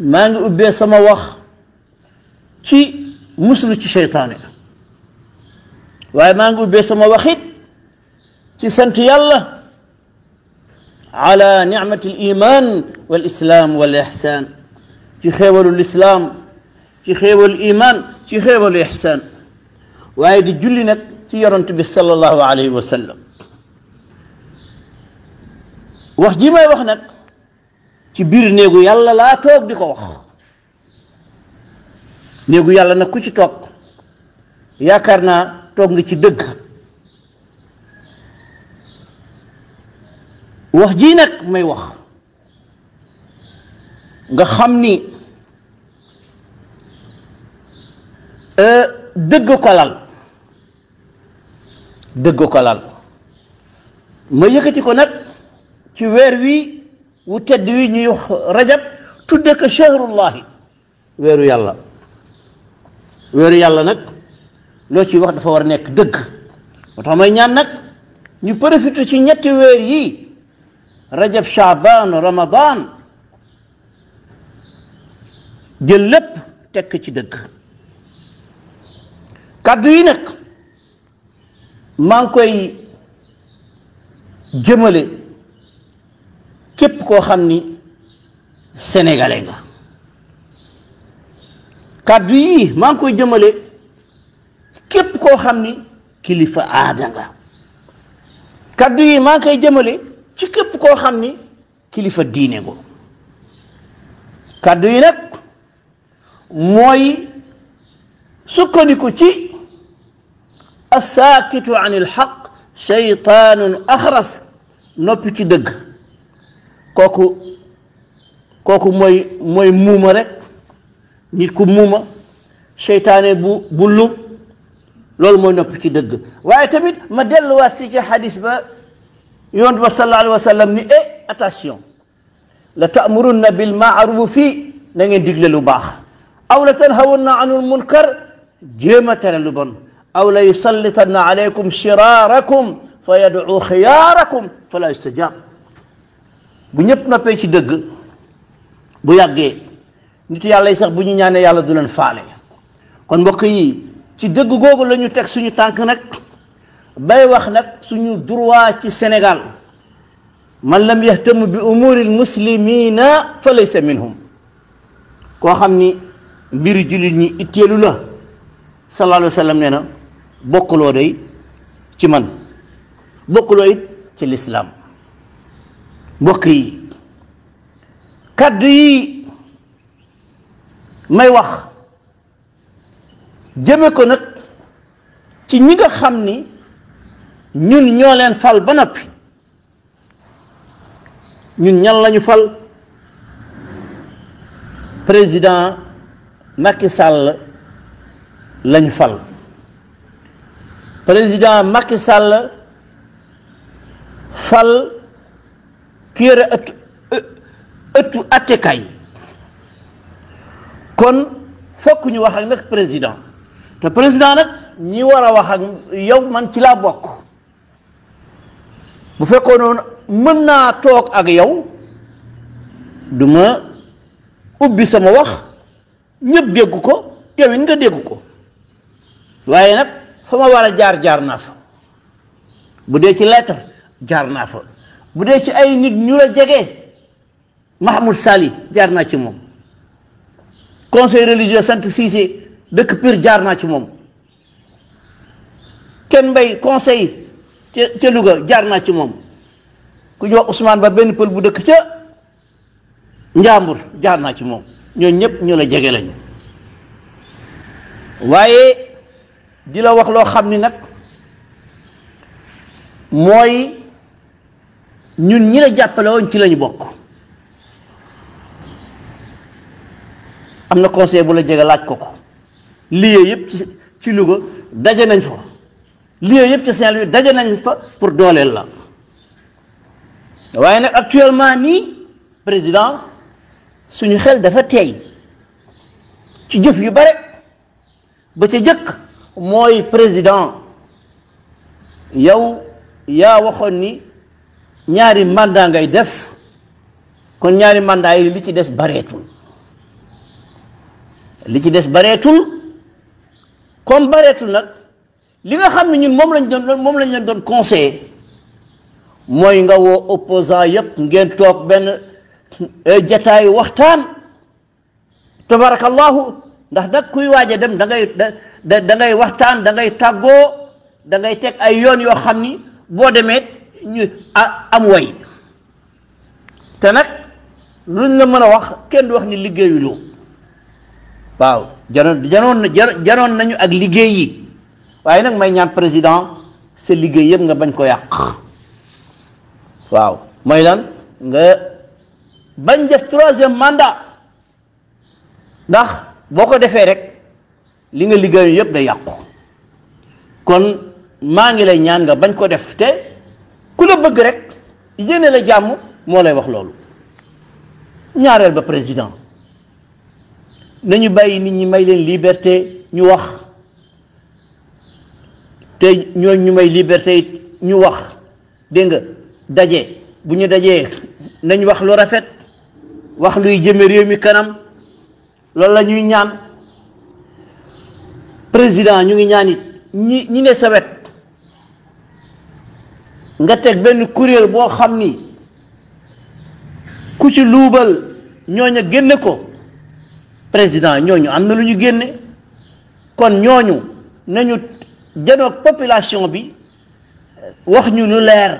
maa ngi ubbee sama wax ci muslu ci seytaane waaye maa ngi ubbee sama waxit ci sant yàlla ala nicmati al iman wal islaam wal ixsaan ci xéewalu lislaam ci xéewalu iman ci xéewalu waaye di julli nag ci yonent bi sallallahu alayhi wax ji may wax nag ci biir néegu yàlla laa toog di ko wax néegu yàlla nag ku ci toog yaakaar naa toog nga ci dëgg wax jii nag may wax nga xam ni e, dëgg ko lal dëgg ko lal ma yëkkati ko nag ci weer wi wu tedd wi ñuy wax rajab tudde ko shahrullahi weeru yàlla weeru yàlla nag loo ciy wax dafa war a nekk dëgg moo tax may ñaan nag ñu profité ci ñetti weer yii rajab shaaban ramadan jël lépp tekk ci dëgg kàddu yi nag maa ngi koy jëmale képp koo xam ni sénégalais nga kàddu yii maa koy jëmale képp koo xam ni kilifa aada nga kàddu yii maa ngi koy jëmale ci képp koo xam ni kilifa diine nga kàddu yi nag mooy sukkandiku ci assaakitu an il xaq shaytaanun axras noppi ci dëgg kooku kooku mooy mooy muuma rek nit ku muuma seytaane bu bu lub loolu mooy nopp ci dëgg waaye tamit ma delluwaat si ci xadis ba yoon ba sallallahu alayhi wa sallam ni eh attention la taamurunna bil maarufi na ngeen digle lu baax aw la tanhawunna anul munkar jéem a tere lu bon aw la yusallitanna alaykum shiraarakum fa yad'u xiyaarakum fala yustajaab bu ñëpp noppee ci dëgg bu yàggee nit yàlla yi sax bu ñu ñaanee yàlla du leen faale kon mbokk yi ci dëgg googu la ñu teg suñu tànk nag bay wax nag suñu droit ci Sénégal man lam yahtam bi umuri muslimina fa laysa minhum koo xam ni mbiri jullit ñi itteelu la sallallahu alayhi nee na bokkuloo day ci man bokkuloo it ci lislaam mbokk yi kàddu yi may wax jëme ko nag ci ñi nga xam ni ñun ñoo leen fal ba noppi ñun ñan lañu fal président Macky Sall lañu fal président Macky Sall fal ki yore ëttu ëttu kon fokk wax ak nag président te président nag ñi war a wax ak yow man ci laa bokk bu fekkoo noonu mën naa toog ak yow du ma ubbi sama wax ñëpp dégg ko yow it nga dégg ko waaye nag fa ma war a jaar jaar naa fa bu dee ci lettre jaar naa fa bu dee ci ay nit ñu la jege Mahmoud Sali jaar naa ci moom conseil religieux sant Cissé dëkk Pire jaar naa ci moom kenn mbay conseil ca ca Louga jaar naa ci moom ku ñu wax Ba benn pël bu dëkk ca Njàmbur jaar naa ci moom ñooñu ñëpp ñu la jege lañu waaye di la wax loo xam ni nag mooy. ñun ñi la jàppale woon ci lañu bokk am na conseil bu la jege laaj ko ko lieu yëpp ci ci Louga daje nañ fa lieu yëpp ci Saint-Louis daje nañ fa pour dooleel la waaye nag actuellement nii président suñu xel dafa teey ci jëf yu bare ba ca jëkk mooy président yow yaa waxoon ni ñaari màndaa ngay def kon ñaari màndaa yi li ci des bareetul li ci des bareetul comme bareetul nag li nga xam ne ñun moom lañ doon moom lañ leen doon conseillé mooy nga woo opposant yëpp ngeen toog benn euh, jataay waxtaan tabarakallahu ndax nag kuy waaj a dem dangay ngay da da ngay waxtaan dangay tàggoo dangay teg ay yoon yoo xam ni boo demee ñu am way te nag luñ la mën a wax kenn du wax ni liggéeyuloo waaw janoon janoon janoon nañu ak liggéey yi waaye nag may ñaan président sa liggéey yëpp nga bañ ko yàq waaw mooy lan nga bañ def troisième mandat ndax boo ko defee rek li nga liggéeyu yëpp day yàqu kon maa ngi lay ñaan nga bañ ko def te ku la bëgg rek yéene la jàmm moo lay wax loolu ñaareel ba président nañu bàyyi nit ñi may leen liberté ñu wax te ñooñ ñu may liberté it ñu wax dégg nga daje bu ñu dajee nañ wax lu rafet wax luy jëme réew mi kanam loolu la ñuy ñaan président ñu ngi ñaan it ñi ñi ne sa wet nga teg benn kuréel boo xam ni ku ci luubal ñooñu génne ko président ñooñu am na lu ñu génne kon ñooñu nañu janoog population bi wax ñu lu leer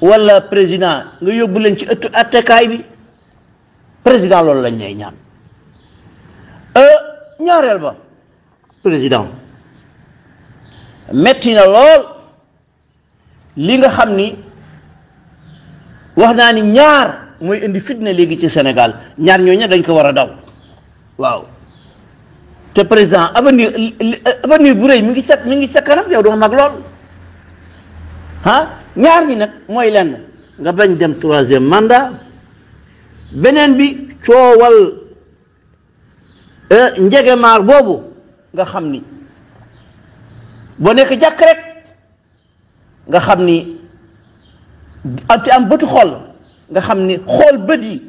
walla président nga yóbbu leen ci ëttu attekaay bi président loolu lañ lay ñaan euh, ñaareel ba président metti na lool li nga xam ni wax naa ni ñaar mooy indi na léegi ci Sénégal ñaar ñooñu dañ ko war a daw waaw te président avenir avenir bu rëy mi ngi sa mi ngi sa kanam yow doo mag lool ah ñaar ñi nag mooy lenn nga bañ dem troisième manda beneen bi coowal eh, njegemaar boobu nga xam ni boo nekk jàkk rek. nga xam ni te am bëtu xool nga xam ni xool bët yi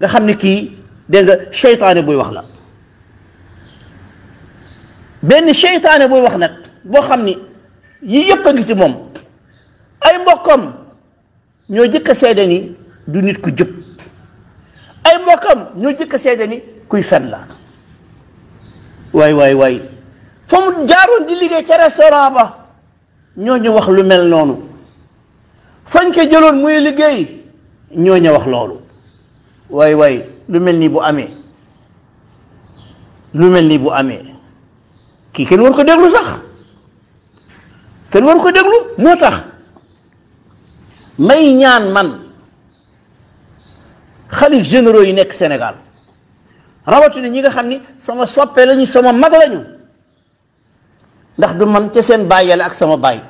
nga xam ni kii dégg nga seytaane buy wax la benn seytaane buy wax nag boo xam ni yii yëpp a ngi ci moom ay mbokkam ñoo jëkk a seede ni du nit ku jub ay mbokkam ñoo jëkk a seede ni kuy fen la waay waay waay fa mu jaaroon di liggéey ca restaurant ba ñoo ñu wax lu mel noonu fañ ko jëloon muy liggéey ñooñu wax loolu waay waay lu mel nii bu amee lu mel nii bu amee kii kenn war ko déglu sax kenn war ko déglu moo tax may ñaan man xalif généraux yi nekk Sénégal rawatina ñi nga xam ni sama soppee lañu sama mag lañu ndax du man ca seen bàyyale ak sama baay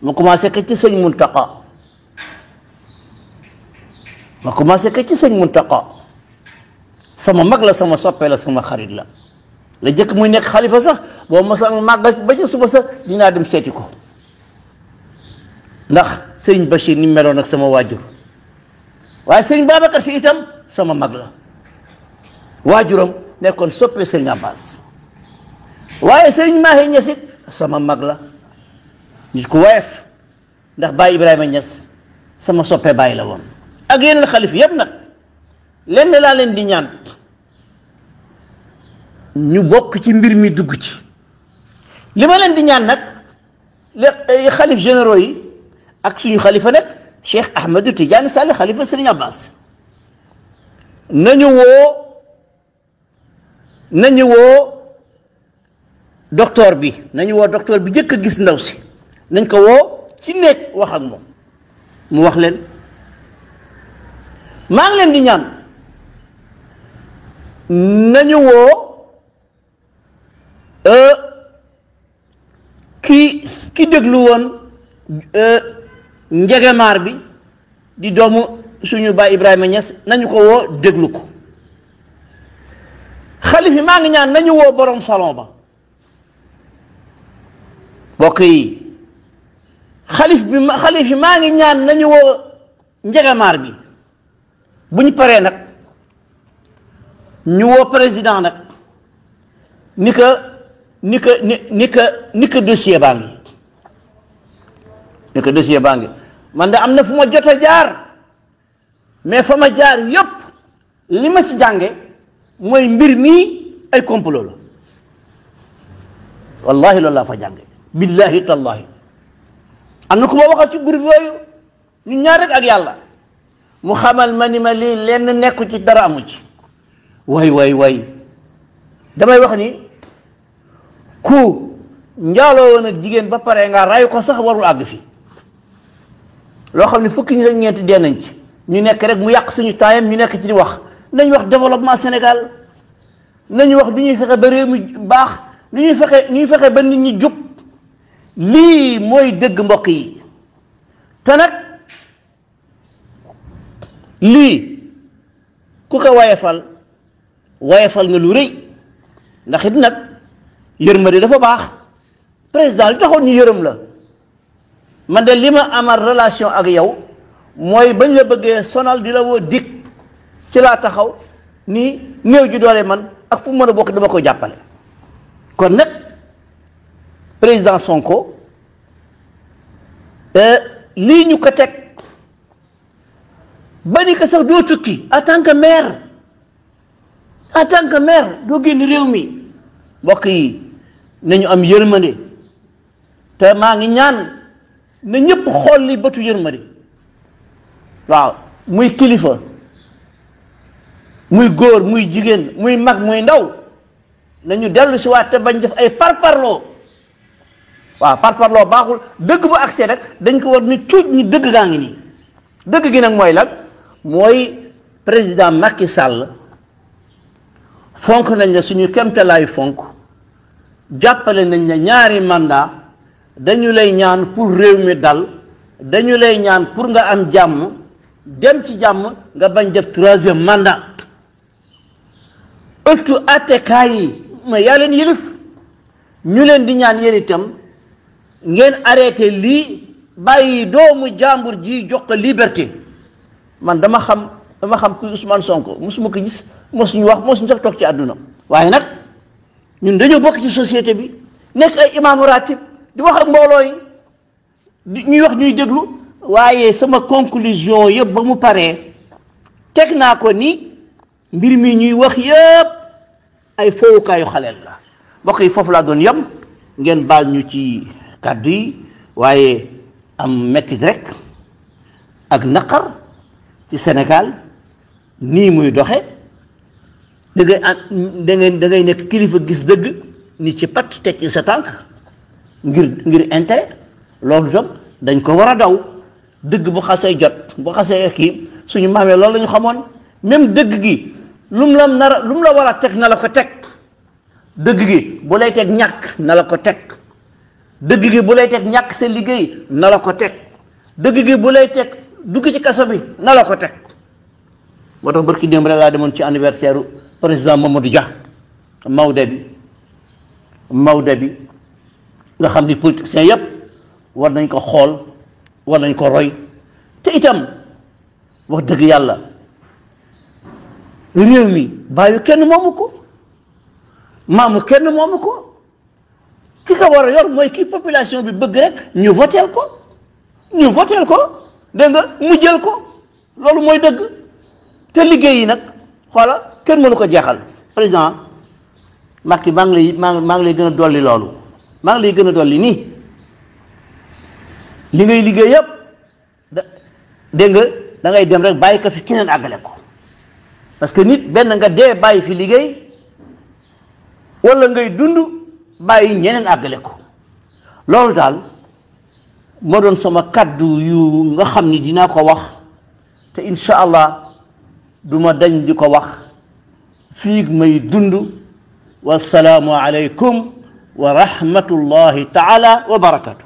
ma commencé ko ci sëñ Muntaqa ma commencé ko ci sëñ Muntaqa sama mag la sama soppe la sama xarit la la jëkk muy nekk xalifa sax boo mosa màggal ba ci suba sax dinaa dem seeti ko ndax sëñ Bachir ni meloon ak sama waajur waaye sëñ Babacar si itam sama mag la waajuram nekkoon soppee sëñ abaas waaye sëriñ Maahi Ñas it sama mag la nit ku woyof ndax Baye Ibrahima Ñas sama soppe baay la woon ak yeneen xalif yëpp nag lenn laa leen di ñaan ñu bokk ci mbir mi dugg ci li ma leen di ñaan nag les xalif généraux yi ak suñu xalifa nag Cheikh Ahmadou Tidiane Sall xalifa Serigne Abbas nañu woo nañu woo docteur bi nañu woo docteur bi njëkk a gis ndaw si nañ ko woo ci néeg wax ak moom mu wax leen maa ngi leen di ñaan nañu woo euh, ki ki déglu woon euh, njegemaar bi di doomu suñu baay Ibrahima Niass nañu ko woo déglu ko xalif bi maa ngi ñaan nañu woo borom salon ba mbokk yi xalif bi ma yi maa ngi ñaan nañu woo njegamaar bi bu ñu paree nag ñu woo président nag ni ko ni ko ni ni ko ko dossier baa ngi ni ko baa ngi man de am na fu ma jot a jaar mais fa ma jaar yëpp li ma ci jànge mooy mbir mii ay complot la wallahi loolu laa fa jànge billahi tallahi am na ku ma waxal ci groupe yooyu ñu ñaar rek ak yàlla mu xamal ma ni ma lii lenn nekku ci dara amu ci way way way damay wax ni ku njaaloo woon ak jigéen ba pare nga ray ko sax warul àgg fi loo xam ne fukki ñu rek ñeenti dee nañ ci ñu nekk rek mu yàq suñu taayam ñu nekk ci di wax nañ wax développement Sénégal nañu wax du ñuy fexe ba réew mi baax du ñuy fexe ñuy fexe ba nit ñi jub lii mooy dëgg mbokk yi te nag lii ku ko wayefal wayefal nga lu rëy ndax it nag yërmande dafa baax président li taxoon ñu yërëm la man de li ma amal relation ak yow mooy bañ la bëggee sonal di la woo dikk ci laa taxaw ni néew ji doole man ak fu mu mën a bokk dama ko jàppale kon nag président Sonko euh, lii ñu ko teg ba ni ko sax doo tukki en tant que maire en tant doo génn réew mi mbokk yi nañu am yërmande te maa ngi ñaan na ñëpp xool li bëtu yërmande waaw muy kilifa muy góor muy jigéen muy mag muy ndaw nañu dellu si waat te bañ def ay parparloo waaw par loo baaxul dëgg bu accès rek dañ ko war ni tuuj ñi dëgg gaa ngi nii dëgg gi nag mooy lan mooy président Macky sàll fonk nañ la suñu kemtalaayu fonk jàppale nañ la ñaari mandat dañu lay ñaan pour réew mi dal dañu lay ñaan pour nga am jàmm dem ci jàmm nga bañ def troisième mandat ëttu attekaay yi ma yaa leen yilif ñu leen di ñaan yéen ngeen arrêté lii bàyyi doomu jàmbur ji jox liberté man dama xam dama xam kuy Ousmane Sonko mosuma ko gis mosuñu wax mosuñu sax toog ci àdduna waaye nag ñun dañoo bokk ci société bi nekk ay imaamu ratib di wax ak mboolooy yi ñuy wax ñuy déglu waaye sama conclusion yëpp ba mu paree teg naa ko ni mbir mi ñuy wax yëpp ay fowukaayu xaleel la mbokk yi foofu laa doon yem ngeen baal ñu ci kàddu yi waaye am mettit rek ak naqar ci Sénégal nii muy doxe da dangay nekk kilifa gis dëgg ni ci pat ci sa tànk ngir ngir intérêt loolu tam dañ ko war a daw dëgg bu xasee jot bu xasee kii suñu maamee loolu la ñu xamoon même dëgg gi lu mu la nar lu mu la war a teg na la ko teg dëgg gi bu lay teg ñàkk na la ko teg dëgg gi bu lay teg ñàkk sa liggéey na la ko teg dëgg gi bu lay teg dugg ci kaso bi na la ko teg moo tax barki démb rek laa demoon ci anniversaire président Mamadou Dia Maodo bi Maodo bi nga xam ni politiciens yépp war nañ ko xool war nañ ko roy te itam wax dëgg yàlla réew mi bàyyi kenn moomu ko maamu kenn moomu ko ki ko war a yor mooy kii population bi bëgg rek ñu voteel ko ñu voteel ko dégg nga mu jël ko loolu mooy dëgg te liggéey yi nag xoola kenn mënu ko jeexal président Macky maa ngi lay maa ngi lay gën a dolli loolu maa ngi lay gën a dolli nii li ngay liggéey yëpp da dégg nga da dem rek bàyyi ko fi keneen àggale ko parce que nit benn nga dee bàyyi fi liggéey walla ngay dund bàyyi ñeneen àggale ko loolu daal moo doon sama kàddu yu nga xam ni dinaa ko wax te incha allah du ma dañ di ko wax fiig may dund wasalaamu aleykum wa rahmatullahi taala wa barakatu